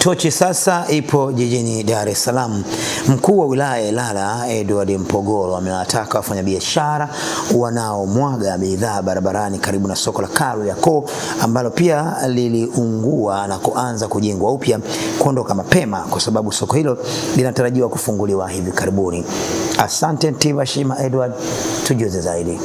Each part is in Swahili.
Tochi sasa ipo jijini Dar es Salaam. Mkuu wa wilaya Ilala Edward mpogoro amewataka wafanyabiashara wanaomwaga bidhaa barabarani karibu na soko la Kariakoo ambalo pia liliungua na kuanza kujengwa upya kuondoka mapema kwa sababu soko hilo linatarajiwa kufunguliwa hivi karibuni. Asante Tiva Shima Edward, tujuze zaidi.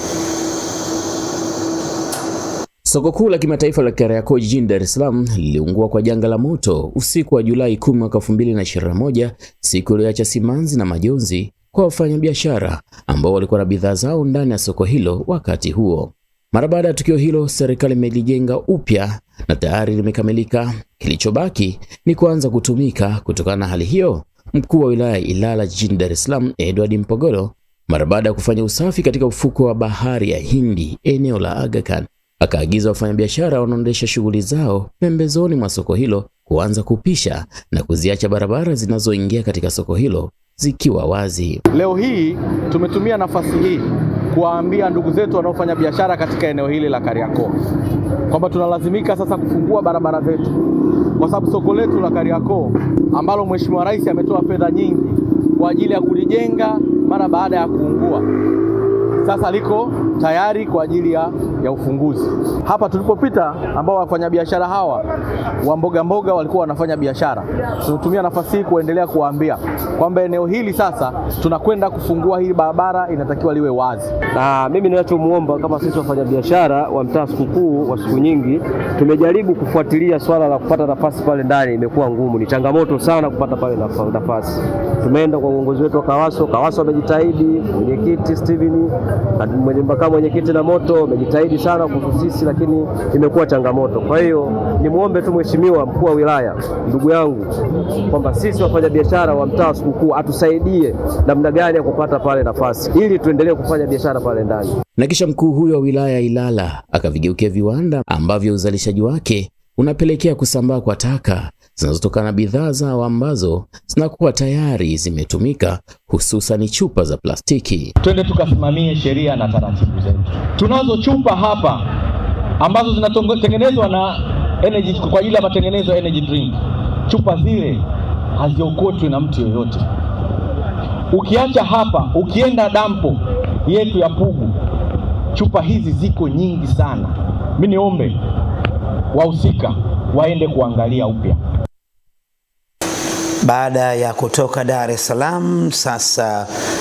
Soko kuu la kimataifa la Kariakoo jijini Dar es Salaam liliungua kwa janga la moto usiku wa Julai 10 mwaka 2021, siku iliyoacha simanzi na majonzi kwa wafanyabiashara ambao walikuwa na bidhaa zao ndani ya soko hilo wakati huo. Mara baada ya tukio hilo, serikali imelijenga upya na tayari limekamilika. Kilichobaki ni kuanza kutumika. Kutokana na hali hiyo, mkuu wa wilaya Ilala jijini Dar es Salaam Edward Mpogolo, mara baada ya kufanya usafi katika ufuko wa bahari ya Hindi eneo la Aga Khan akaagiza wafanyabiashara wanaoendesha shughuli zao pembezoni mwa soko hilo kuanza kupisha na kuziacha barabara zinazoingia katika soko hilo zikiwa wazi. Leo hii tumetumia nafasi hii kuwaambia ndugu zetu wanaofanya biashara katika eneo hili la Kariakoo kwamba tunalazimika sasa kufungua barabara zetu, kwa sababu soko letu la Kariakoo ambalo Mheshimiwa Rais ametoa fedha nyingi kwa ajili ya kulijenga mara baada ya kuungua, sasa liko tayari kwa ajili ya ya ufunguzi hapa tulipopita, ambao wafanyabiashara hawa wa mboga mboga walikuwa wanafanya biashara. Tunatumia nafasi hii kuendelea kuwaambia kwamba eneo hili sasa tunakwenda kufungua, hili barabara inatakiwa liwe wazi, na mimi ninachomwomba kama sisi wafanyabiashara wa mtaa Sikukuu wa siku nyingi tumejaribu kufuatilia swala la kupata nafasi pale ndani, imekuwa ngumu, ni changamoto sana kupata pale nafasi. Tumeenda kwa uongozi wetu wa Kawaso, Kawaso amejitahidi, mwenyekiti Steven, makamu mwenyekiti na moto amejitahidi biashara sana sisi, lakini imekuwa changamoto. Kwa hiyo nimwombe tu mheshimiwa mkuu wa wilaya, ndugu yangu, kwamba sisi wafanyabiashara wa mtaa Sikukuu atusaidie namna gani ya kupata pale nafasi ili tuendelee kufanya biashara pale ndani. Na kisha mkuu huyo wa wilaya ya Ilala akavigeukia viwanda ambavyo uzalishaji wake unapelekea kusambaa kwa taka zinazotokana bidhaa zao ambazo zinakuwa tayari zimetumika, hususan chupa za plastiki. Twende tukasimamie sheria na taratibu zetu. Tunazo chupa hapa ambazo zinatengenezwa na energy, kwa ajili ya matengenezo ya energy drink. Chupa zile haziokotwi na mtu yoyote. Ukiacha hapa, ukienda dampo yetu ya Pugu, chupa hizi ziko nyingi sana. Mimi niombe wahusika waende kuangalia upya. Baada ya kutoka Dar es Salaam sasa